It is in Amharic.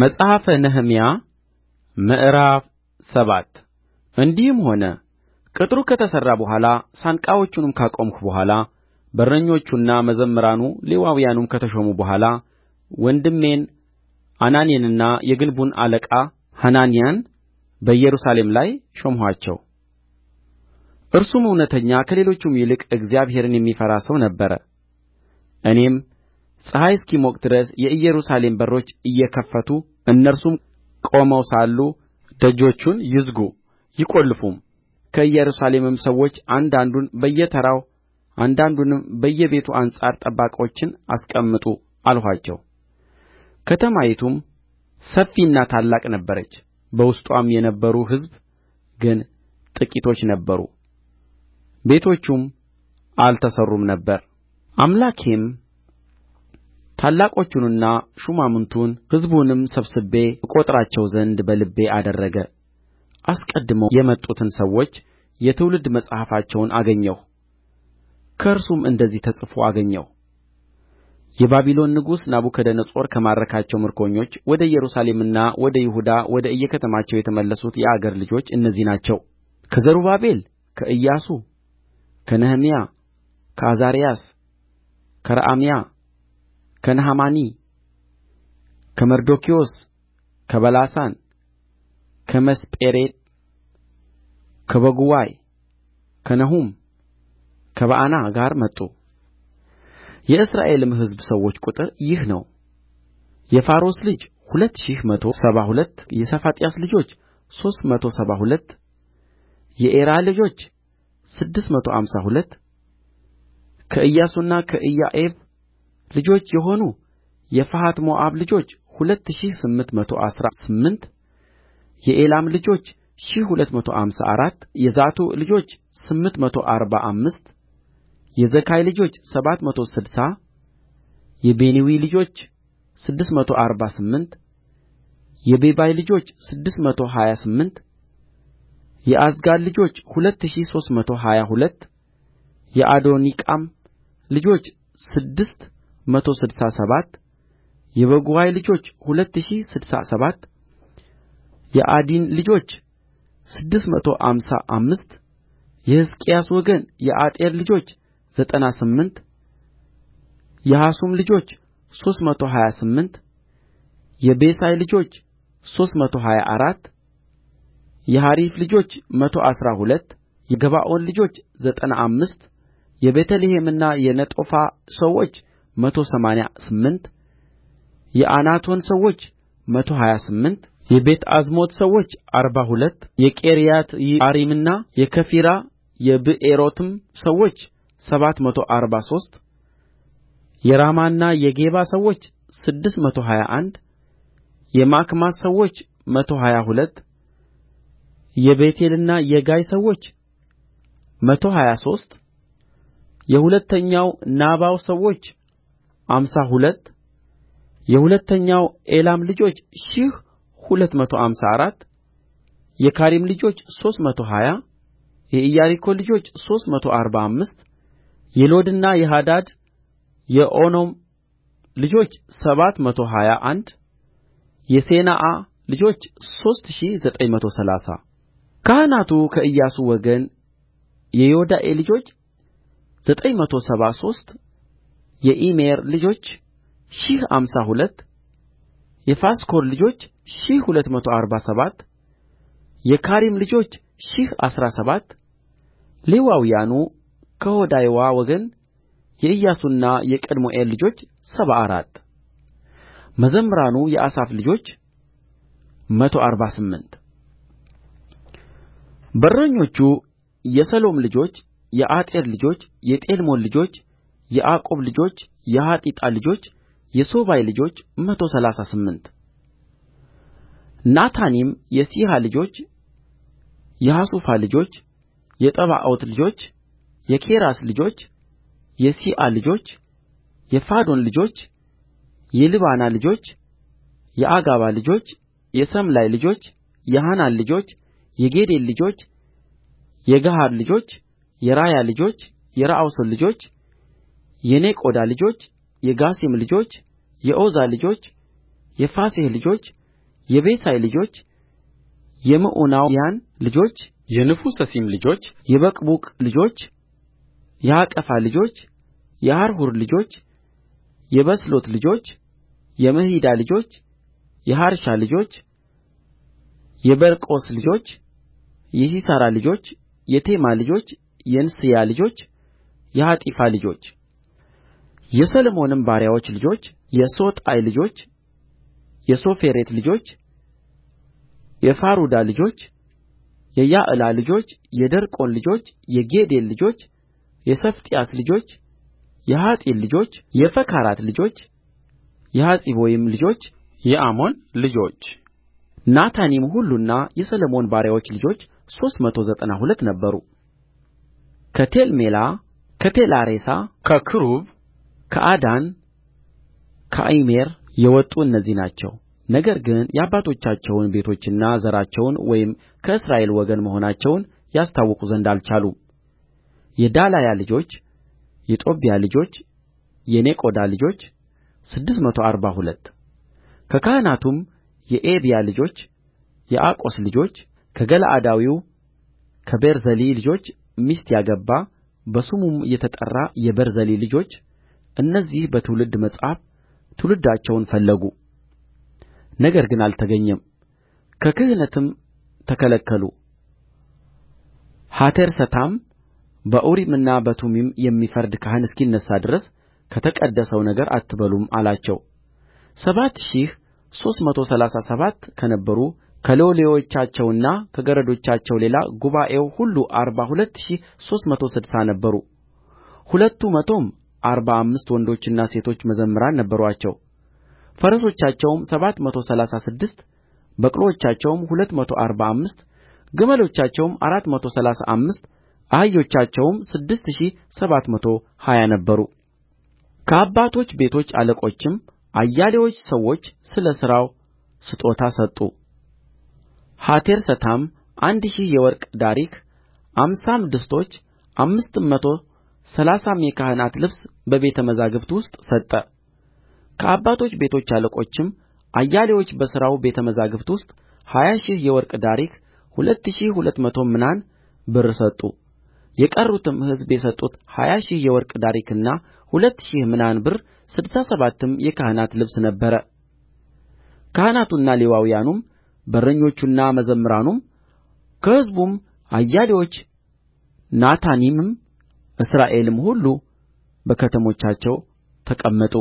መጽሐፈ ነህምያ ምዕራፍ ሰባት እንዲህም ሆነ ቅጥሩ ከተሠራ በኋላ ሳንቃዎቹንም ካቆምሁ በኋላ በረኞቹና መዘምራኑ ሌዋውያኑም ከተሾሙ በኋላ ወንድሜን አናኒንና የግንቡን አለቃ ሐናንያን በኢየሩሳሌም ላይ ሾምኋቸው። እርሱም እውነተኛ ከሌሎቹም ይልቅ እግዚአብሔርን የሚፈራ ሰው ነበረ። እኔም ፀሐይ እስኪሞቅ ድረስ የኢየሩሳሌም በሮች እየከፈቱ እነርሱም ቆመው ሳሉ ደጆቹን ይዝጉ ይቈልፉም ከኢየሩሳሌምም ሰዎች አንዳንዱን በየተራው አንዳንዱንም በየቤቱ አንጻር ጠባቆችን አስቀምጡ አልኋቸው ከተማይቱም ሰፊና ታላቅ ነበረች በውስጥዋም የነበሩ ሕዝብ ግን ጥቂቶች ነበሩ ቤቶቹም አልተሠሩም ነበር አምላኬም ታላቆቹንና ሹማምቱን ሕዝቡንም ሰብስቤ እቈጥራቸው ዘንድ በልቤ አደረገ አስቀድመው የመጡትን ሰዎች የትውልድ መጽሐፋቸውን አገኘሁ ከእርሱም እንደዚህ ተጽፎ አገኘሁ የባቢሎን ንጉሥ ናቡከደነፆር ከማረካቸው ምርኮኞች ወደ ኢየሩሳሌምና ወደ ይሁዳ ወደ እየከተማቸው የተመለሱት የአገር ልጆች እነዚህ ናቸው ከዘሩባቤል ከኢያሱ ከነህምያ ከዓዛርያስ ከረዓምያ ከነሐማኒ ከመርዶክዮስ ከበላሳን ከሚስጴሬት ከበጉዋይ ከነሑም ከበዓና ጋር መጡ የእስራኤልም ሕዝብ ሰዎች ቍጥር ይህ ነው የፋሮስ ልጅ ሁለት ሺህ መቶ ሰባ ሁለት የሰፋጥያስ ልጆች ሦስት መቶ ሰባ ሁለት የኤራ ልጆች ስድስት መቶ አምሳ ሁለት ከኢያሱና ከኢዮአብ ልጆች የሆኑ የፈሐት ሞዓብ ልጆች ሁለት ሺህ ስምንት መቶ አሥራ ስምንት የኤላም ልጆች ሺህ ሁለት መቶ አምሳ አራት የዛቱዕ ልጆች ስምንት መቶ አርባ አምስት የዘካይ ልጆች ሰባት መቶ ስድሳ የቢንዊ ልጆች ስድስት መቶ አርባ ስምንት የቤባይ ልጆች ስድስት መቶ ሀያ ስምንት የዓዝጋድ ልጆች ሁለት ሺህ ሦስት መቶ ሀያ ሁለት የአዶኒቃም ልጆች ስድስት መቶ ስድሳ ሰባት የበጉዋይ ልጆች ሁለት ሺህ ስድሳ ሰባት የዓዲን ልጆች ስድስት መቶ አምሳ አምስት የሕዝቅያስ ወገን የአጤር ልጆች ዘጠና ስምንት የሐሱም ልጆች ሦስት መቶ ሀያ ስምንት የቤሳይ ልጆች ሦስት መቶ ሀያ አራት የሐሪፍ ልጆች መቶ አሥራ ሁለት የገባዖን ልጆች ዘጠና አምስት የቤተ ልሔምና የነጦፋ ሰዎች መቶ ሰማንያ ስምንት የአናቶት ሰዎች መቶ ሀያ ስምንት የቤትዓዝሞት ሰዎች አርባ ሁለት የቂርያትይዓሪምና የከፊራ የብኤሮትም ሰዎች ሰባት መቶ አርባ ሦስት የራማና የጌባ ሰዎች ስድስት መቶ ሀያ አንድ የማክማስ ሰዎች መቶ ሀያ ሁለት የቤቴልና የጋይ ሰዎች መቶ ሀያ ሦስት የሁለተኛው ናባው ሰዎች አምሳ ሁለት የሁለተኛው ኤላም ልጆች ሺህ ሁለት መቶ አምሳ አራት የካሪም ልጆች ሦስት መቶ ሀያ የኢያሪኮ ልጆች ሦስት መቶ አርባ አምስት የሎድና የሐዲድ የኦኖም ልጆች ሰባት መቶ ሀያ አንድ የሴናዓ ልጆች ሦስት ሺህ ዘጠኝ መቶ ሠላሳ ካህናቱ ከኢያሱ ወገን የዮዳኤ ልጆች ዘጠኝ መቶ ሰባ ሦስት የኢሜር ልጆች ሺህ አምሳ ሁለት የፋስኮር ልጆች ሺህ ሁለት መቶ አርባ ሰባት የካሪም ልጆች ሺህ አሥራ ሰባት ሌዋውያኑ ከሆዳይዋ ወገን የኢያሱና የቀድምኤል ልጆች ሰባ አራት መዘምራኑ የአሳፍ ልጆች መቶ አርባ ስምንት በረኞቹ የሰሎም ልጆች የአጤር ልጆች የጤልሞን ልጆች የዓቁብ ልጆች የሐጢጣ ልጆች የሶባይ ልጆች መቶ ሠላሳ ስምንት ናታኒም የሲሐ ልጆች የሐሡፋ ልጆች የጠብዖት ልጆች የኬራስ ልጆች የሲዓ ልጆች የፋዶን ልጆች የልባና ልጆች የአጋባ ልጆች የሰምላይ ልጆች የሐናን ልጆች የጌዴል ልጆች የጋሃድ ልጆች የራያ ልጆች የረአሶን ልጆች የኔቆዳ ልጆች የጋሴም ልጆች የዖዛ ልጆች የፋሴህ ልጆች የቤሳይ ልጆች የምዑናውያን ልጆች የንፉሰሲም ልጆች የበቅቡቅ ልጆች የሐቀፋ ልጆች የሐርሑር ልጆች የበስሎት ልጆች የምሒዳ ልጆች የሐርሻ ልጆች የበርቆስ ልጆች የሲሣራ ልጆች የቴማ ልጆች የንስያ ልጆች የሐጢፋ ልጆች የሰሎሞንም ባሪያዎች ልጆች የሶጣይ ልጆች የሶፌሬት ልጆች የፋሩዳ ልጆች የያዕላ ልጆች የደርቆን ልጆች የጌዴል ልጆች የሰፋጥያስ ልጆች የሐጢል ልጆች የፈከራት ልጆች የሐፂቦይም ልጆች የአሞን ልጆች ናታኒም ሁሉና የሰሎሞን ባሪያዎች ልጆች ሦስት መቶ ዘጠና ሁለት ነበሩ ከቴልሜላ ከቴላሬሳ ከክሩብ ከአዳን ከኢሜር የወጡ እነዚህ ናቸው ነገር ግን የአባቶቻቸውን ቤቶችና ዘራቸውን ወይም ከእስራኤል ወገን መሆናቸውን ያስታውቁ ዘንድ አልቻሉም የዳላያ ልጆች የጦብያ ልጆች የኔቆዳ ልጆች ስድስት መቶ አርባ ሁለት ከካህናቱም የኤብያ ልጆች የአቆስ ልጆች ከገለዓዳዊው ከቤርዜሊ ልጆች ሚስት ያገባ በስሙም የተጠራ የቤርዜሊ ልጆች እነዚህ በትውልድ መጽሐፍ ትውልዳቸውን ፈለጉ ነገር ግን አልተገኘም ከክህነትም ተከለከሉ ሐቴርሰታም በኡሪምና በቱሚም የሚፈርድ ካህን እስኪነሣ ድረስ ከተቀደሰው ነገር አትበሉም አላቸው ሰባት ሺህ ሦስት መቶ ሠላሳ ሰባት ከነበሩ ከሎሌዎቻቸውና ከገረዶቻቸው ሌላ ጉባኤው ሁሉ አርባ ሁለት ሺህ ሦስት መቶ ስድሳ ነበሩ ሁለቱ መቶም አርባ አምስት ወንዶችና ሴቶች መዘምራን ነበሩአቸው ፈረሶቻቸውም ሰባት መቶ ሠላሳ ስድስት በቅሎቻቸውም ሁለት መቶ አርባ አምስት ግመሎቻቸውም አራት መቶ ሠላሳ አምስት አህዮቻቸውም ስድስት ሺህ ሰባት መቶ ሀያ ነበሩ ከአባቶች ቤቶች አለቆችም አያሌዎች ሰዎች ስለ ሥራው ስጦታ ሰጡ ሐቴርሰታም አንድ ሺህ የወርቅ ዳሪክ አምሳም ድስቶች አምስትም መቶ ሠላሳም የካህናት ልብስ በቤተ መዛግብት ውስጥ ሰጠ ከአባቶች ቤቶች አለቆችም አያሌዎች በሥራው ቤተ መዛግብት ውስጥ ሀያ ሺህ የወርቅ ዳሪክ ሁለት ሺህ ሁለት መቶም ምናን ብር ሰጡ የቀሩትም ሕዝብ የሰጡት ሀያ ሺህ የወርቅ ዳሪክና ሁለት ሺህ ምናን ብር ስድሳ ሰባትም የካህናት ልብስ ነበረ ካህናቱና ሌዋውያኑም በረኞቹና መዘምራኑም ከሕዝቡም አያሌዎች ናታኒምም እስራኤልም ሁሉ በከተሞቻቸው ተቀመጡ